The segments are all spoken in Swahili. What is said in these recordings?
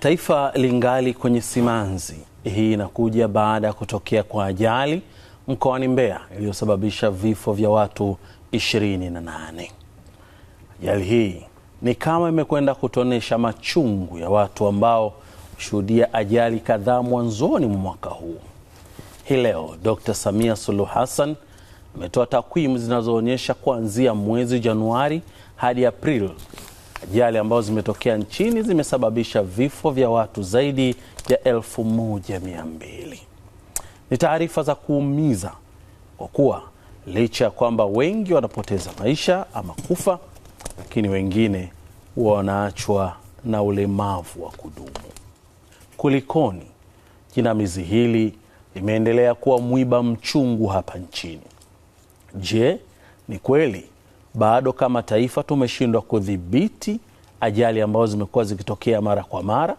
Taifa lingali kwenye simanzi. Hii inakuja baada ya kutokea kwa ajali mkoani Mbeya iliyosababisha vifo vya watu 28. Ajali hii ni kama imekwenda kutonesha machungu ya watu ambao hushuhudia ajali kadhaa mwanzoni mwa mwaka huu. Hii leo Dr. Samia Suluhu Hassan ametoa takwimu zinazoonyesha kuanzia mwezi Januari hadi Aprili Ajali ambazo zimetokea nchini zimesababisha vifo vya watu zaidi ya elfu moja mia mbili. Ni taarifa za kuumiza kwa kuwa licha ya kwamba wengi wanapoteza maisha ama kufa, lakini wengine huwa wanaachwa na ulemavu wa kudumu. Kulikoni? Jinamizi hili limeendelea kuwa mwiba mchungu hapa nchini. Je, ni kweli bado kama taifa tumeshindwa kudhibiti ajali ambazo zimekuwa zikitokea mara kwa mara,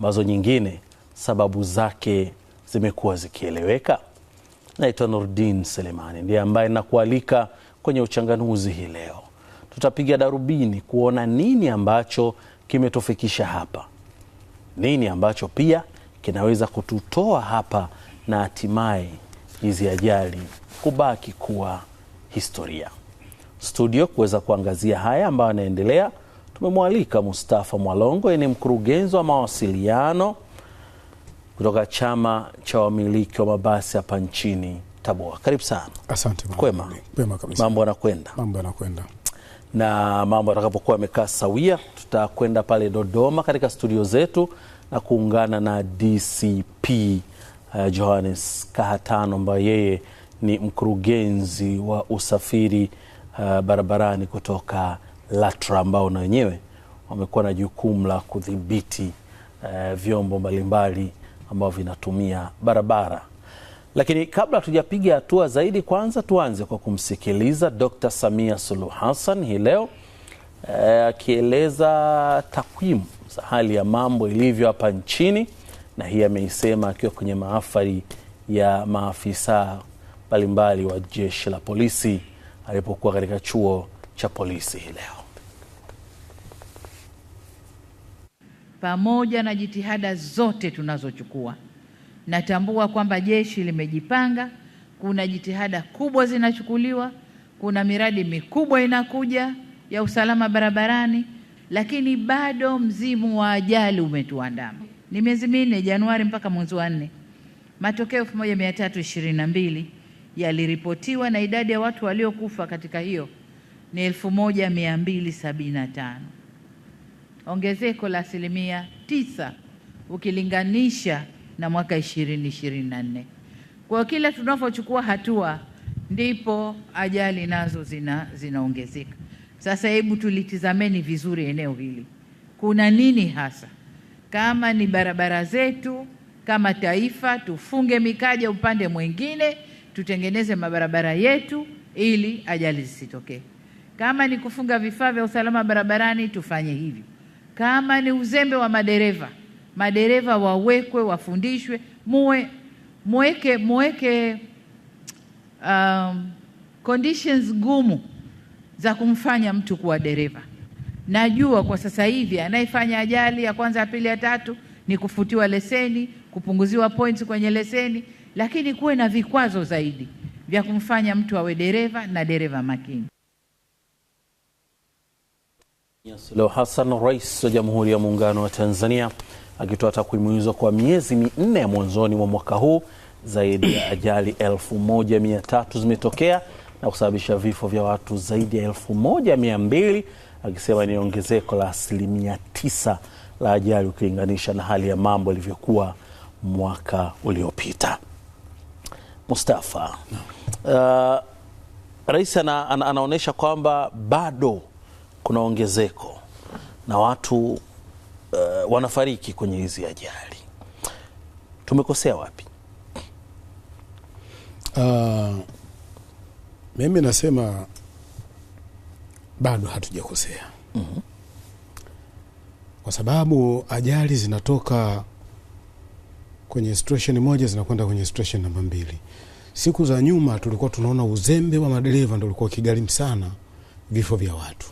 ambazo nyingine sababu zake zimekuwa zikieleweka. Naitwa Nurdin Selemani, ndiye ambaye nakualika kwenye uchanganuzi hii leo. Tutapiga darubini kuona nini ambacho kimetufikisha hapa, nini ambacho pia kinaweza kututoa hapa, na hatimaye hizi ajali kubaki kuwa historia studio kuweza kuangazia haya ambayo yanaendelea, tumemwalika Mustafa Mwalongo, ni mkurugenzi wa mawasiliano kutoka chama cha wamiliki wa mabasi hapa nchini Tabora. Karibu sana. Asante. Kwema? Mambo yanakwenda? Mambo yanakwenda. Na mambo yatakapokuwa amekaa sawia, tutakwenda pale Dodoma katika studio zetu na kuungana na DCP uh, Johannes Kahatano ambayo yeye ni mkurugenzi wa usafiri uh, barabarani kutoka LATRA ambao na wenyewe wamekuwa na jukumu la kudhibiti uh, vyombo mbalimbali ambavyo vinatumia barabara. Lakini kabla hatujapiga hatua zaidi, kwanza tuanze kwa kumsikiliza d Samia Suluhu Hassan hii leo uh, akieleza uh, takwimu za hali ya mambo ilivyo hapa nchini, na hii ameisema akiwa kwenye mahafali ya maafisa mbalimbali wa jeshi la polisi alipokuwa katika chuo cha polisi hii leo. Pamoja na jitihada zote tunazochukua, natambua kwamba jeshi limejipanga. Kuna jitihada kubwa zinachukuliwa, kuna miradi mikubwa inakuja ya usalama barabarani, lakini bado mzimu wa ajali umetuandama. Ni miezi minne, Januari mpaka mwezi wa nne, matokeo mbili yaliripotiwa na idadi ya watu waliokufa katika hiyo ni 1275 ongezeko la asilimia tisa ukilinganisha na mwaka 2024. Kwa kila tunapochukua hatua ndipo ajali nazo zina zinaongezeka. Sasa hebu tulitizameni vizuri eneo hili, kuna nini hasa? Kama ni barabara zetu, kama taifa tufunge mikaja upande mwingine tutengeneze mabarabara yetu ili ajali zisitokee. Kama ni kufunga vifaa vya usalama barabarani tufanye hivyo. Kama ni uzembe wa madereva, madereva wawekwe, wafundishwe, muwe muweke muweke um, conditions gumu za kumfanya mtu kuwa dereva. Najua kwa sasa hivi anayefanya ajali ya kwanza, ya pili, ya tatu ni kufutiwa leseni, kupunguziwa points kwenye leseni lakini kuwe na vikwazo zaidi vya kumfanya mtu awe dereva na dereva makini. Suluhu Hassan, Rais wa Jamhuri ya Muungano wa Tanzania, akitoa takwimu hizo kwa miezi minne ya mwanzoni mwa mwaka huu, zaidi ya ajali 1300 zimetokea na kusababisha vifo vya watu zaidi ya 1200 akisema ni ongezeko la asilimia tisa la ajali ukilinganisha na hali ya mambo ilivyokuwa mwaka uliopita. Mustafa no. uh, rais ana, ana, anaonyesha kwamba bado kuna ongezeko na watu uh, wanafariki kwenye hizi ajali. Tumekosea wapi? Uh, mimi nasema bado hatujakosea mm -hmm. Kwa sababu ajali zinatoka kwenye situation moja zinakwenda kwenye situation namba mbili. Siku za nyuma tulikuwa tunaona uzembe wa madereva ndio ulikuwa kigharimu sana vifo vya watu,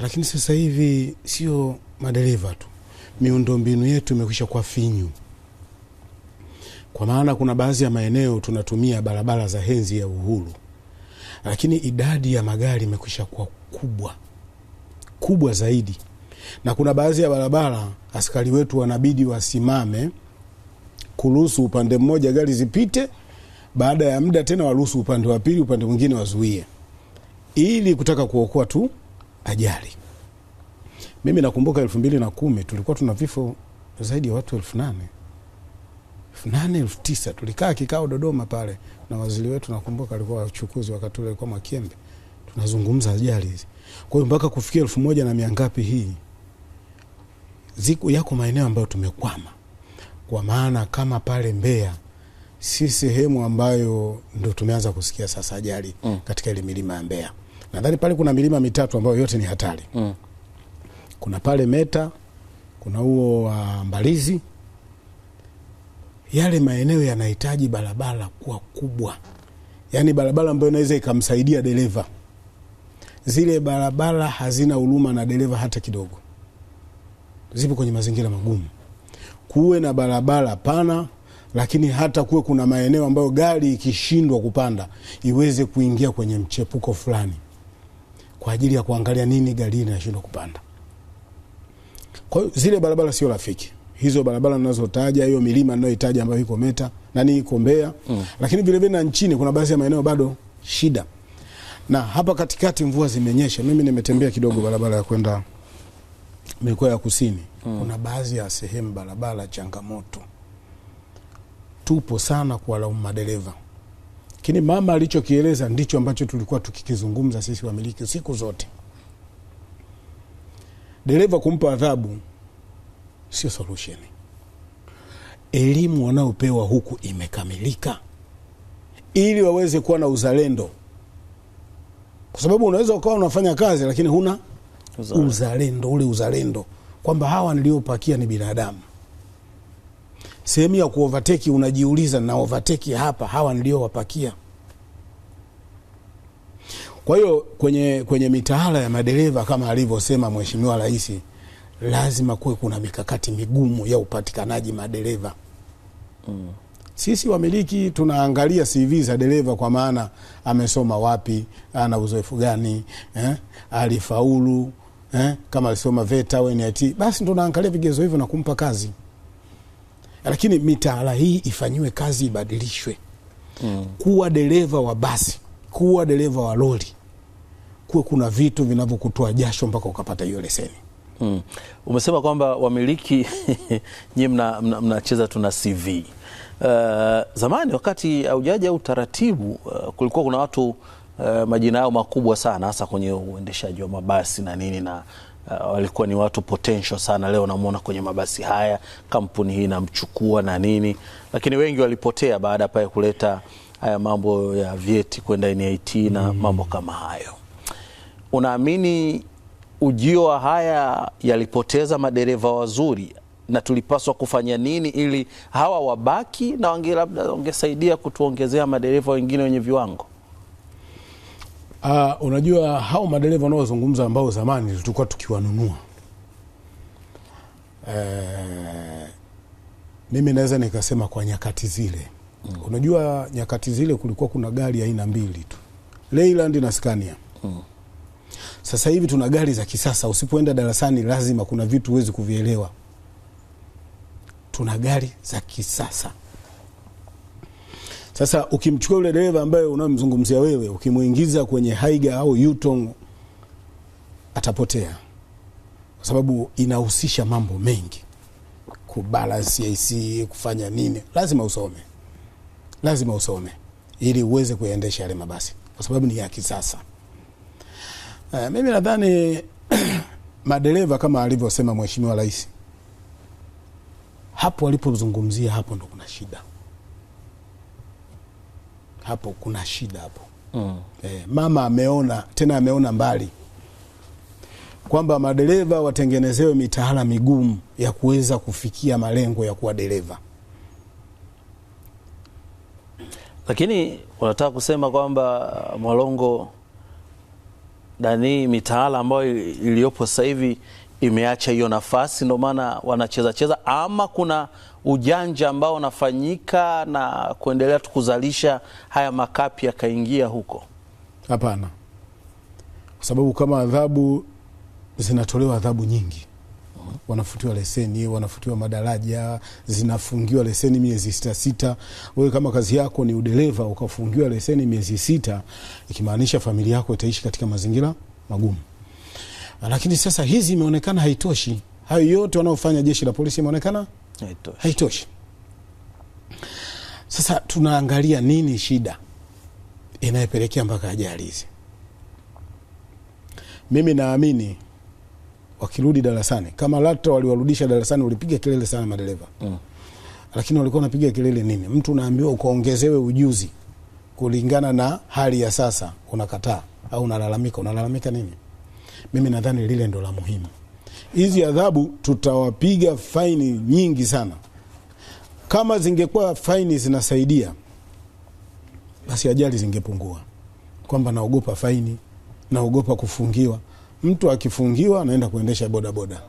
lakini sasa hivi sio madereva tu, miundombinu yetu imekwisha kuwa finyu, kwa maana kuna baadhi ya maeneo tunatumia barabara za henzi ya uhuru, lakini idadi ya magari imekwisha kuwa kubwa kubwa zaidi, na kuna baadhi ya barabara askari wetu wanabidi wasimame kuruhusu upande mmoja gari zipite baada ya muda tena waruhusu upande wa pili, upande mwingine wazuie, ili kutaka kuokoa tu ajali. Mimi nakumbuka elfu mbili na kumi tulikuwa tuna vifo zaidi ya watu elfu nane elfu nane elfu tisa Tulikaa kikao Dodoma pale na waziri wetu, nakumbuka alikuwa wachukuzi wakati ule alikuwa Mwakembe, tunazungumza ajali hizi. Kwa hiyo mpaka kufikia elfu moja na mia ngapi hii, ziko yako maeneo ambayo tumekwama, kwa maana kama pale Mbeya si sehemu ambayo ndo tumeanza kusikia sasa ajali mm. katika ile milima ya Mbeya. Nadhani pale kuna milima mitatu ambayo yote ni hatari mm. kuna pale Meta, kuna huo wa uh, Mbalizi. Yale maeneo yanahitaji barabara kuwa kubwa, yaani barabara ambayo inaweza ikamsaidia dereva. Zile barabara hazina huruma na dereva hata kidogo, zipo kwenye mazingira magumu. Kuwe na barabara pana lakini hata kuwe kuna maeneo ambayo gari ikishindwa kupanda iweze kuingia kwenye mchepuko fulani kwa ajili ya kuangalia nini gari inashindwa kupanda. Kwa hiyo zile barabara sio rafiki hizo barabara ninazotaja, hiyo milima ninayoitaja ambayo iko Meta nani iko Mbeya mm. Lakini vile vile na nchini kuna baadhi ya maeneo bado shida, na hapa katikati mvua zimenyesha. Mimi nimetembea kidogo barabara ya kwenda mikoa ya kusini mm. Kuna baadhi ya sehemu barabara changamoto tupo sana kuwalaumu madereva, lakini mama alichokieleza ndicho ambacho tulikuwa tukikizungumza sisi wamiliki siku zote. Dereva kumpa adhabu sio solution. Elimu wanayopewa huku imekamilika ili waweze kuwa na uzalendo, kwa sababu unaweza ukawa unafanya kazi lakini huna uzalendo, uzalendo ule uzalendo kwamba hawa niliopakia ni binadamu sehemu ya kuovateki unajiuliza, na ovateki hapa hawa niliowapakia? Kwa hiyo kwenye, kwenye mitaala ya madereva kama alivyosema Mheshimiwa Rais, lazima kuwe kuna mikakati migumu ya upatikanaji madereva mm. Sisi wamiliki tunaangalia CV za dereva kwa maana amesoma wapi, ana uzoefu gani eh? alifaulu eh? kama alisoma VETA au basi ndo naangalia vigezo hivyo na kumpa kazi lakini mitaala hii ifanyiwe kazi, ibadilishwe mm. kuwa dereva wa basi, kuwa dereva wa lori, kuwe kuna vitu vinavyokutoa jasho mpaka ukapata hiyo leseni mm. Umesema kwamba wamiliki nyie mnacheza mna, mna tuna CV uh, eh, zamani wakati haujaja utaratibu uh, kulikuwa kuna watu uh, majina yao makubwa sana hasa kwenye uendeshaji wa mabasi na nini na uh, walikuwa ni watu potential sana. Leo namuona kwenye mabasi haya, kampuni hii inamchukua na nini, lakini wengi walipotea baada ya pale kuleta haya mambo ya vyeti kwenda NIT na mm. mambo kama hayo. Unaamini ujio wa haya yalipoteza madereva wazuri na tulipaswa kufanya nini ili hawa wabaki na wange labda wangesaidia kutuongezea madereva wengine wenye viwango? Uh, unajua hao madereva wanaozungumza ambao zamani tulikuwa tukiwanunua eh, mimi naweza nikasema kwa nyakati zile mm. Unajua nyakati zile kulikuwa kuna gari aina mbili tu, Leyland na Scania mm. Sasa hivi tuna gari za kisasa, usipoenda darasani lazima kuna vitu huwezi kuvielewa. Tuna gari za kisasa sasa ukimchukua yule dereva ambaye unamzungumzia wewe, ukimuingiza kwenye haiga au yutong, atapotea kwa sababu inahusisha mambo mengi, kubalansi AC, kufanya nini. Lazima usome, lazima usome ili uweze kuyaendesha yale mabasi, kwa sababu ni ya kisasa. Uh, mimi nadhani madereva kama alivyosema Mheshimiwa Rais hapo alipozungumzia, hapo ndo kuna shida hapo kuna shida hapo. Mm. E, mama ameona tena, ameona mbali kwamba madereva watengenezewe mitaala migumu ya kuweza kufikia malengo ya kuwa dereva, lakini unataka kusema kwamba Mwalongo dani mitaala ambayo iliyopo sasa hivi imeacha hiyo nafasi, ndio maana wanacheza cheza, ama kuna ujanja ambao unafanyika na kuendelea tu kuzalisha haya makapi yakaingia huko? Hapana, kwa sababu kama adhabu zinatolewa adhabu nyingi wanafutiwa leseni, wanafutiwa madaraja, zinafungiwa leseni miezi sita sita. Wewe kama kazi yako ni udereva ukafungiwa leseni miezi sita, ikimaanisha familia yako itaishi katika mazingira magumu. Lakini sasa hizi imeonekana haitoshi, hayo yote wanaofanya jeshi la polisi imeonekana haitoshi, haitoshi. Sasa tunaangalia nini shida inayopelekea mpaka ajali hizi. Mimi naamini wakirudi darasani, kama LATRA waliwarudisha darasani, ulipiga kelele sana madereva mm. Lakini walikuwa wanapiga kelele nini? Mtu unaambiwa ukaongezewe ujuzi kulingana na hali ya sasa, unakataa au unalalamika. Unalalamika nini? mimi nadhani lile ndo la muhimu. Hizi adhabu tutawapiga faini nyingi sana. Kama zingekuwa faini zinasaidia, basi ajali zingepungua, kwamba naogopa faini, naogopa kufungiwa. Mtu akifungiwa anaenda kuendesha bodaboda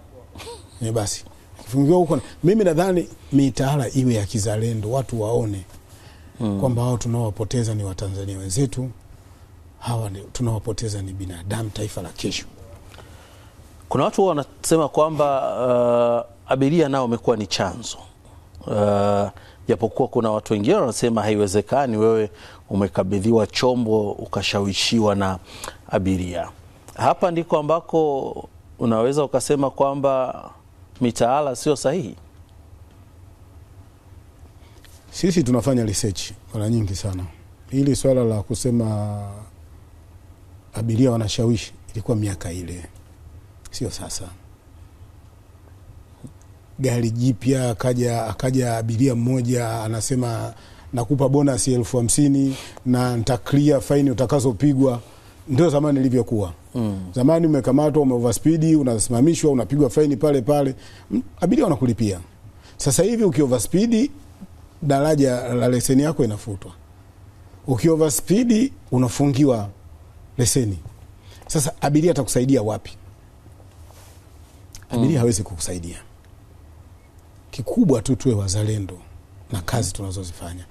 ni eh, basi, akifungiwa huko. Mimi nadhani mitaala iwe ya kizalendo, watu waone hmm, kwamba hao tunaowapoteza ni watanzania wenzetu hawa tunawapoteza ni binadamu, taifa la kesho. Kuna watu wanasema kwamba uh, abiria nao wamekuwa ni chanzo uh, japokuwa kuna watu wengine wanasema haiwezekani, wewe umekabidhiwa chombo ukashawishiwa na abiria. Hapa ndiko ambako unaweza ukasema kwamba mitaala sio sahihi. Sisi tunafanya research mara nyingi sana. Hili swala la kusema abiria wanashawishi ilikuwa miaka ile sio sasa. Gari jipya akaja, akaja abiria mmoja anasema nakupa bonasi elfu hamsini na ntaklia faini utakazopigwa. Ndio zamani ilivyokuwa. Mm. Zamani umekamatwa ume overspeed unasimamishwa unapigwa faini pale pale, abiria wanakulipia. Sasa hivi uki overspeed daraja la leseni yako inafutwa, uki overspeed unafungiwa leseni. Sasa abiria atakusaidia wapi? abiria mm. hawezi kukusaidia. Kikubwa tu tuwe wazalendo na kazi tunazozifanya.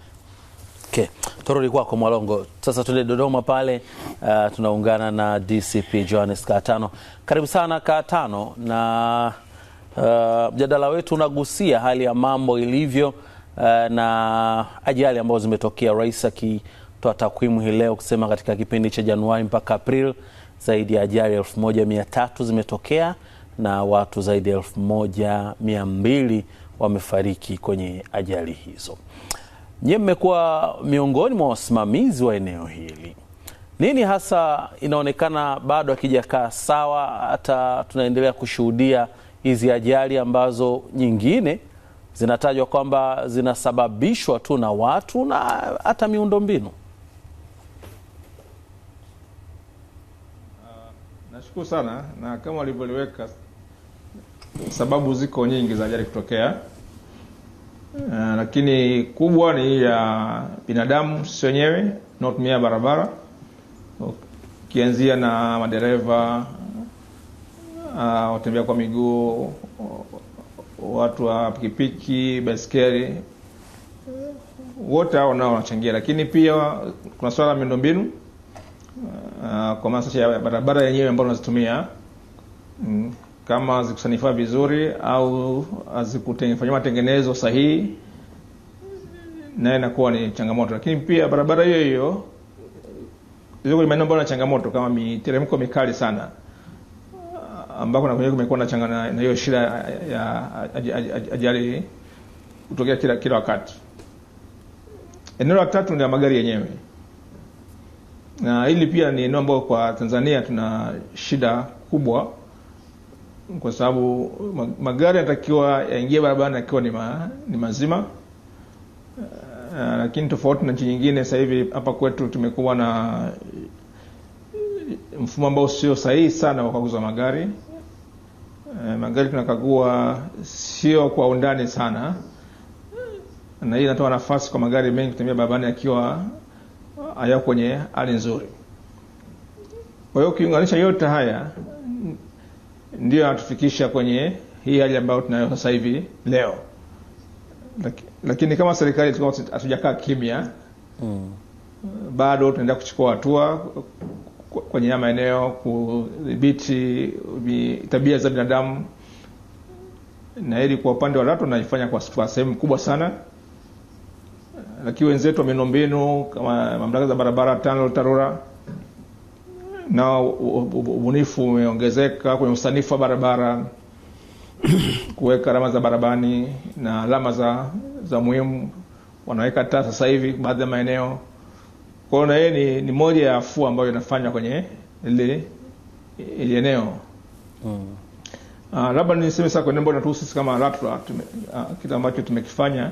Okay. Turudi kwako Mwalongo, sasa tuende Dodoma pale. Uh, tunaungana na DCP Johannes Katano. Karibu sana Katano, na uh, mjadala uh, wetu unagusia hali ya mambo ilivyo, uh, na ajali ambazo zimetokea, rais akitoa takwimu hii leo kusema katika kipindi cha Januari mpaka Aprili zaidi ya ajali 1300 zimetokea na watu zaidi ya elfu moja mia mbili wamefariki kwenye ajali hizo. Nyie mmekuwa miongoni mwa wasimamizi wa eneo hili, nini hasa inaonekana bado akijakaa sawa, hata tunaendelea kushuhudia hizi ajali ambazo nyingine zinatajwa kwamba zinasababishwa tu na watu na hata miundombinu? Nashukuru sana na kama walivyoliweka sababu ziko nyingi za ajali kutokea uh, lakini kubwa ni ya binadamu sisi wenyewe tunaotumia barabara ukianzia na madereva uh, watembea kwa miguu watu wa pikipiki baiskeli wote hao nao wanachangia, lakini pia kuna swala la miundombinu uh, kwa maana ya barabara yenyewe ambayo unazitumia mm kama zikusanifiwa vizuri au hazikufanyiwa matengenezo sahihi, naye inakuwa ni changamoto. Lakini pia barabara hiyo hiyo ziko kwenye maeneo ambayo na changamoto kama miteremko mikali sana, ambako nakwenyewe kumekuwa na hiyo shida ya ajali kutokea kila, kila wakati. Eneo la tatu ni la magari yenyewe, na hili pia ni eneo ambayo kwa Tanzania tuna shida kubwa kwa sababu magari yanatakiwa yaingie barabarani yakiwa ni, ma, ni mazima uh, lakini tofauti na nchi nyingine sasa hivi hapa kwetu tumekuwa na uh, mfumo ambao sio sahihi sana wa kaguza magari uh, magari tunakagua sio kwa undani sana na hii inatoa nafasi kwa magari mengi kutembea barabarani yakiwa hayako kwenye hali nzuri. Kwa hiyo ukiunganisha yote haya ndio anatufikisha kwenye hii hali ambayo tunayo sasa hivi leo lakini, lakini kama serikali hatujakaa kimya mm. bado tunaendelea kuchukua hatua kwenye haya maeneo kudhibiti tabia za binadamu na hili kwa upande wa tatu naifanya kwa, sehemu kubwa sana lakini wenzetu wa miundombinu kama mamlaka za barabara tano TARURA na ubunifu umeongezeka kwenye usanifu wa barabara kuweka alama za barabani na alama za, za muhimu wanaweka taa sasa hivi baadhi ya maeneo. kwao na yeye ni, ni moja ya afua ambayo inafanywa kwenye ile eneo mm. Uh, labda niseme sasa kwenye mbona tu sisi kama LATRA uh, kitu ambacho tumekifanya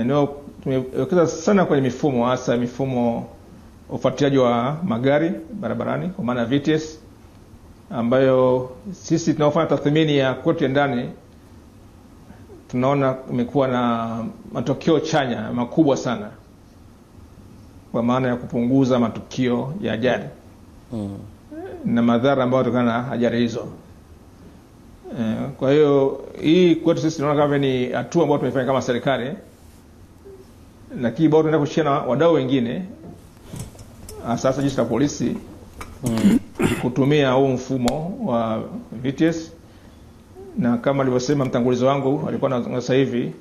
eneo tumewekeza sana kwenye mifumo hasa mifumo ufuatiliaji wa magari barabarani kwa maana VTS, ambayo sisi tunaofanya tathmini ya ya ndani tunaona imekuwa na matokeo chanya makubwa sana, kwa maana ya kupunguza matukio ya ajali mm. na madhara ambayo tokana na ajali hizo. Eh, kwa hiyo hii kwetu sisi tunaona kama ni hatua ambayo tumefanya kama serikali, lakini bado tunaenda kushia na wadau wengine Ah, sasa jeshi la polisi mm, kutumia huu mfumo wa VTS na kama alivyosema mtangulizi wangu alikuwa na sasa hivi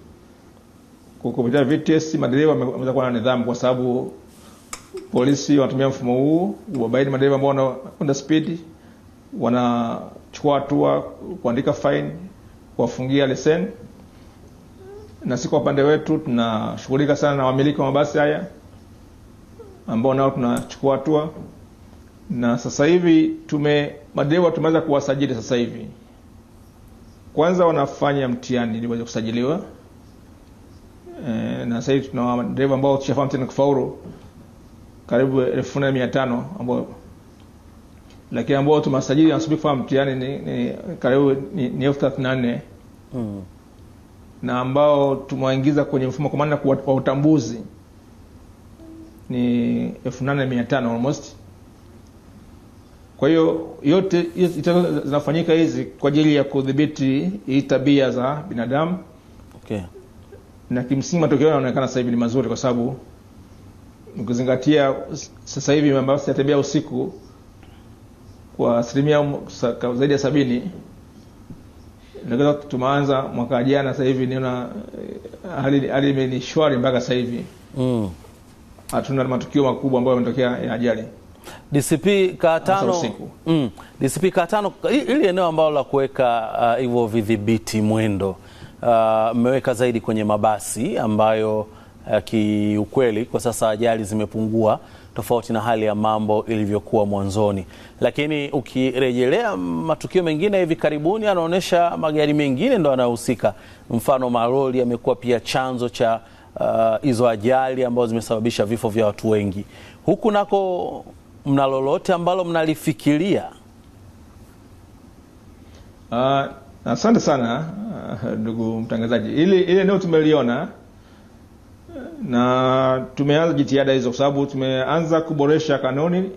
kupitia VTS madereva wameweza kuwa na nidhamu, kwa sababu polisi wanatumia mfumo huu wabaini madereva ambao wanakwenda speed, wanachukua hatua, kuandika fine, kuwafungia leseni. Na si kwa upande wetu tunashughulika sana na wamiliki wa mabasi haya ambao nao tunachukua hatua na sasa hivi tume madereva tumeweza kuwasajili sasa hivi. Kwanza wanafanya mtihani ili waweze kusajiliwa e, na sasa hivi tuna madereva ambao tushafahamu tena kufaulu karibu elfu nne mia tano ambao lakini ambao tumewasajili wanasubiri kufanya mtihani ni, ni karibu ni, ni elfu thelathini na nne mm. na ambao tumewaingiza kwenye mfumo kwa maana wa utambuzi ni 8500 almost kwa hiyo yote zinafanyika hizi kwa ajili ya kudhibiti hii tabia za binadamu okay. na kimsingi matokeo yanaonekana sasa hivi ni mazuri kwa sababu ukizingatia sasa hivi mabasi ya tabia usiku kwa asilimia zaidi ya sabini tumeanza mwaka jana sasa hivi niona eh, hali, hali ni shwari mpaka sasa hivi mm hatuna matukio makubwa ambayo yametokea ya ajali. DCP Katano, mm, DCP Katano, ili eneo ambalo la kuweka uh, hivyo uh, vidhibiti mwendo uh, mmeweka uh, zaidi kwenye mabasi ambayo uh, kiukweli kwa sasa ajali zimepungua tofauti na hali ya mambo ilivyokuwa mwanzoni, lakini ukirejelea matukio mengine hivi karibuni, anaonyesha magari mengine ndo yanayohusika. Mfano, malori yamekuwa pia chanzo cha Uh, hizo uh, ajali ambazo zimesababisha vifo vya watu wengi. Huku nako mna lolote ambalo mnalifikiria? Uh, asante sana uh, ndugu uh, mtangazaji. ili ile eneo tumeliona uh, na tumeanza jitihada hizo kwa sababu tumeanza kuboresha kanuni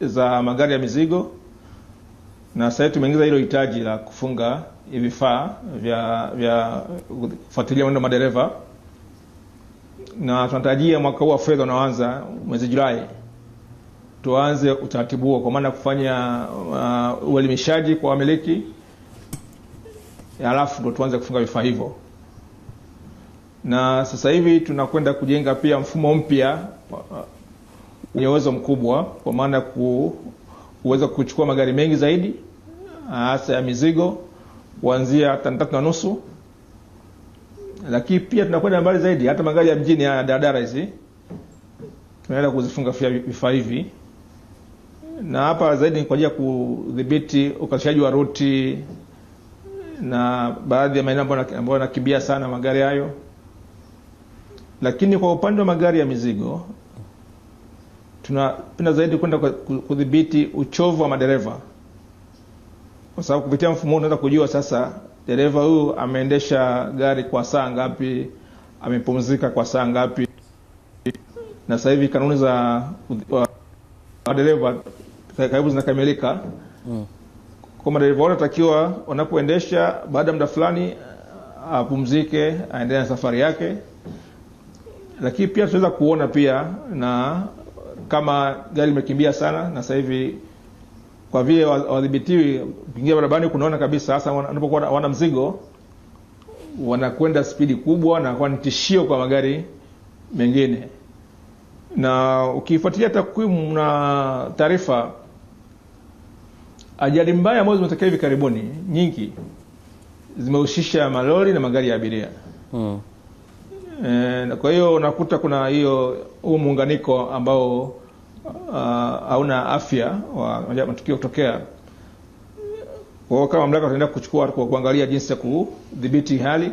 za magari ya mizigo na sasa tumeingiza hilo hitaji la kufunga vifaa vya vya kufuatilia mwendo madereva na tunatarajia mwaka huu wa fedha unaoanza mwezi Julai tuanze utaratibu huo, kwa maana kufanya uh, kwa wamiliki, halafu ndo tuanze kufunga vifaa hivyo. Na sasa hivi tunakwenda kujenga pia mfumo mpya uh, wenye uh, uwezo mkubwa, kwa maana kuweza kuchukua magari mengi zaidi hasa ya mizigo kuanzia tani tatu na nusu lakini pia tunakwenda mbali zaidi, hata magari ya mjini haya daradara hizi tunaenda kuzifunga vifaa hivi, na hapa zaidi ni kwa ajili ya kudhibiti ukalishaji wa ruti na baadhi ya maeneo ambayo yanakimbia sana magari hayo. Lakini kwa upande wa magari ya mizigo tunapenda zaidi kwenda kudhibiti uchovu wa madereva, kwa sababu kupitia mfumo unaweza kujua sasa dereva huyu ameendesha gari kwa saa ngapi, amepumzika kwa saa ngapi. Na sasa hivi kanuni za dereva karibu zinakamilika mm. Kwa madereva wote anatakiwa wanapoendesha, baada ya muda fulani apumzike, aendelee na safari yake. Lakini pia tunaweza kuona pia na kama gari limekimbia sana, na sasa hivi kwa vile wadhibitiwi kuingia barabarani, kunaona kabisa sasa, wanapokuwa wana mzigo wanakwenda spidi kubwa na kwa ni tishio kwa magari mengine. Na ukifuatilia takwimu na taarifa, ajali mbaya ambazo zimetokea hivi karibuni nyingi zimehusisha malori na magari ya abiria hmm. E, kwa hiyo unakuta kuna hiyo huu muunganiko ambao Ah, hauna afya wa matukio kutokea kwao, kama mamlaka tunaenda kuchukua kwa kuangalia jinsi ya kudhibiti hali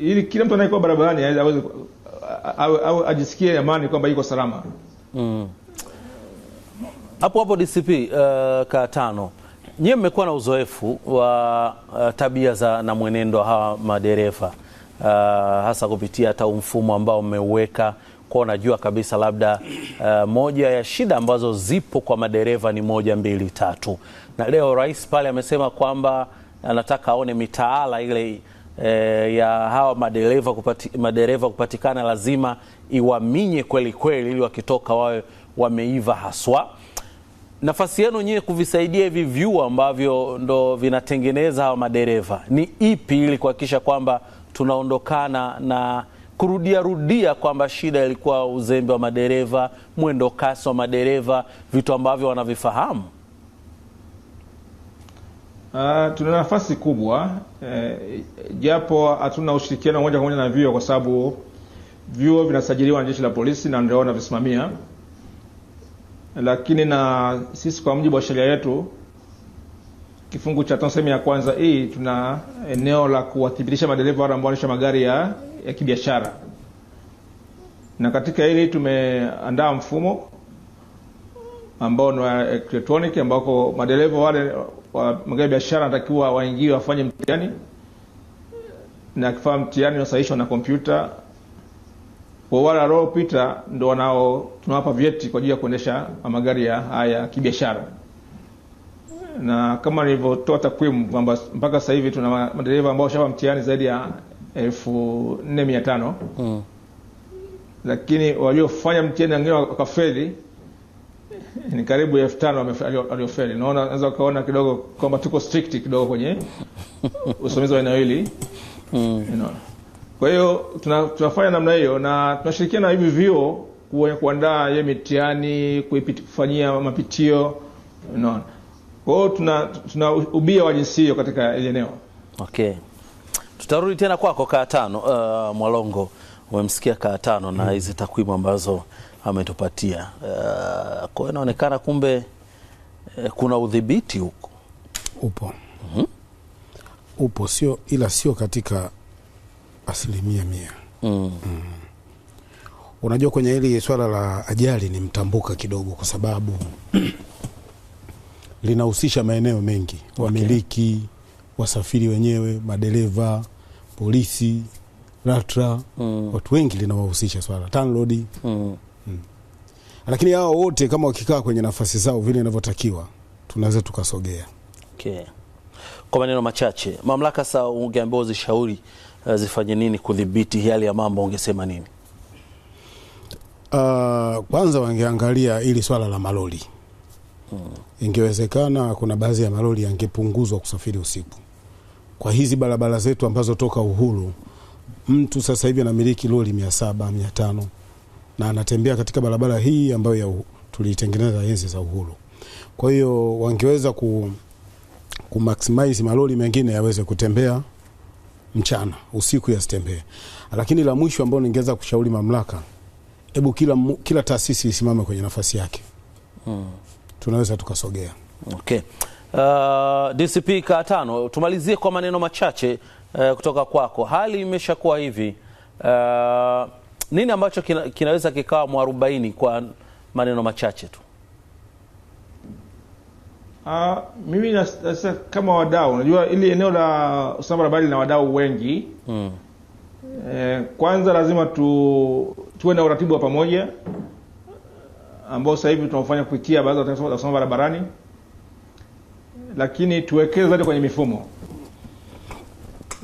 ili kila mtu anayekuwa barabarani aweze au ajisikie amani kwamba yuko salama mm. Hapo hapo DCP uh, tano. nyie mmekuwa na uzoefu wa uh, tabia za na mwenendo hawa madereva uh, hasa kupitia hata mfumo ambao mmeuweka kwa unajua kabisa labda uh, moja ya shida ambazo zipo kwa madereva ni moja mbili tatu, na leo rais pale amesema kwamba anataka aone mitaala ile E, ya hawa madereva kupati, madereva kupatikana lazima iwaminye kweli kweli, ili wakitoka wawe wameiva haswa. Nafasi yenu nyie kuvisaidia hivi vyuo ambavyo ndo vinatengeneza hawa madereva ni ipi, ili kuhakikisha kwamba tunaondokana na kurudia rudia kwamba shida ilikuwa uzembe wa madereva, mwendo kasi wa madereva, vitu ambavyo wanavifahamu? Uh, tuna nafasi kubwa eh, japo hatuna ushirikiano moja kwa moja na vyuo kwa sababu vyuo vinasajiliwa na jeshi la polisi na ndio wanavisimamia, lakini na sisi kwa mujibu wa sheria yetu kifungu cha tano sehemu ya kwanza hii e, tuna eneo la kuwathibitisha madereva wale ambao wanaendesha magari ya ya kibiashara, na katika hili tumeandaa mfumo ambao ni wa electronic ambako madereva wale wa magari biashara anatakiwa waingie wafanye mtihani, na kifaa mtihani unasahihishwa na kompyuta. Kwa wale waliopita ndo wanao tunawapa vyeti kwa ajili ya kuendesha magari ya haya kibiashara, na kama nilivyotoa takwimu kwamba mpaka sasa hivi tuna madereva ambao washapa mtihani zaidi ya elfu nne mia tano mm. lakini waliofanya mtihani wengine wakafeli ni karibu elfu tano waliofeli. Naona naweza ukaona kidogo kwamba tuko strict kidogo kwenye usimamizi wa eneo hili mm. you know. Kwa hiyo tuna, tunafanya namna hiyo na tunashirikiana hivi vyuo kuandaa hiyo mitihani, kufanyia mapitio you know. Kwa hiyo tuna, tuna ubia wa jinsi hiyo katika eneo okay. Tutarudi tena kwako kaa tano. Uh, Mwalongo, umemsikia kaa tano na mm. hizi mm. takwimu ambazo ametupatia uh, kwa hiyo inaonekana kumbe eh, kuna udhibiti huko upo mm -hmm. upo sio, ila sio katika asilimia mia mm. Mm. Unajua, kwenye hili swala la ajali ni mtambuka kidogo, kwa sababu linahusisha maeneo mengi, wamiliki okay wasafiri wenyewe, madereva, polisi, LATRA mm. watu wengi linawahusisha swala TANROADS mm. mm. Lakini hao wote kama wakikaa kwenye nafasi zao vile inavyotakiwa tunaweza tukasogea. Okay. Kwa maneno machache, mamlaka sasa ungeambiwa zishauri uh, eh, zifanye nini kudhibiti hali ya mambo, ungesema nini? Uh, kwanza wangeangalia ili swala la malori mm. Ingewezekana kuna baadhi ya malori yangepunguzwa kusafiri usiku kwa hizi barabara zetu ambazo toka uhuru mtu sasa hivi anamiliki lori mia saba mia tano na anatembea katika barabara hii ambayo tuliitengeneza enzi za uhuru. Kwa hiyo wangeweza ku, ku maximize malori mengine yaweze kutembea mchana, usiku yasitembee. Lakini la mwisho ambao ningeweza kushauri mamlaka, hebu kila, kila taasisi isimame kwenye nafasi yake hmm. tunaweza tukasogea okay. Uh, DCP Katano, tumalizie kwa maneno machache uh, kutoka kwako. Hali imeshakuwa hivi uh, nini ambacho kina, kinaweza kikawa mwarobaini kwa maneno machache tu? Uh, mimi nasa, kama wadau unajua ili eneo la usalama barabarani na wadau wengi mm. Eh, kwanza lazima tu, tuwe na uratibu wa pamoja ambao sasa hivi tunaofanya kupitia baraza la usalama barabarani lakini tuwekeze zaidi kwenye mifumo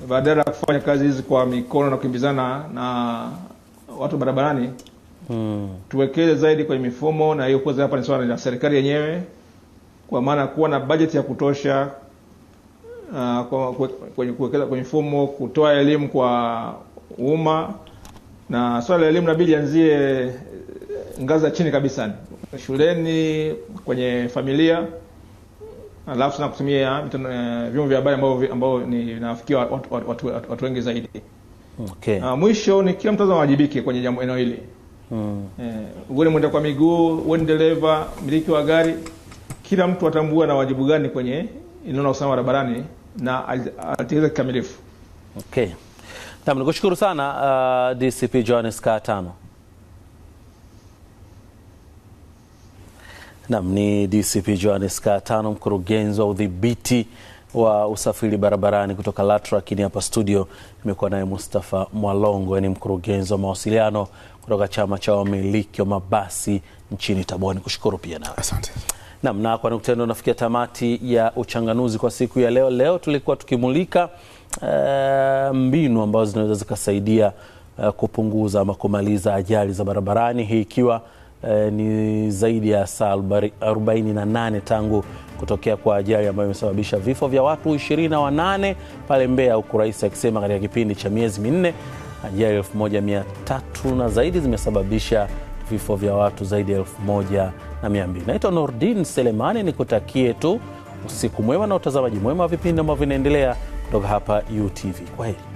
badala ya kufanya kazi hizi kwa mikono na kukimbizana na watu barabarani hmm. tuwekeze zaidi kwenye mifumo na hiyo kuweza hapa ni swala la serikali yenyewe kwa maana kuwa na bajeti ya kutosha uh, kwenye kuwekeza kwenye mfumo kutoa elimu kwa umma na swala la elimu nabidi anzie ngazi ya chini kabisa shuleni kwenye familia alafu na kutumia eh, eh, vyombo vya habari ambao vinawafikia watu, watu, watu, watu, watu, wengi zaidi. Okay. Uh, mwisho ni kila mtu wajibike kwenye jambo eneo hili mm. Eh, uh, mwenda kwa miguu, wewe ni dereva, miliki wa gari, kila mtu atambua na wajibu gani kwenye eneo la usalama barabarani na alitekeleza kikamilifu. Okay. Nikushukuru sana uh, ah, DCP Johannes Katano. Nam ni DCP Johannes Katano, mkurugenzi wa udhibiti wa usafiri barabarani kutoka LATRA, lakini hapa studio imekuwa naye Mustafa Mwalongo, ni mkurugenzi wa mawasiliano kutoka chama cha wamiliki wa mabasi nchini Tabora. Nikushukuru pia nawe. Asante. Nam na kwa nukta ndio nafikia tamati ya uchanganuzi kwa siku ya leo. Leo tulikuwa tukimulika uh, mbinu ambazo zinaweza zikasaidia uh, kupunguza ama kumaliza ajali za barabarani, hii ikiwa eh, ni zaidi ya saa 48 tangu kutokea kwa ajali ambayo imesababisha vifo vya watu 28 pale Mbeya, huku rais akisema katika kipindi cha miezi minne ajali 1300 na zaidi zimesababisha vifo vya watu zaidi ya 1200. Naitwa Nordin Selemani, nikutakie tu usiku mwema na utazamaji mwema wa vipindi ambavyo vinaendelea kutoka hapa UTV. Kwa heri.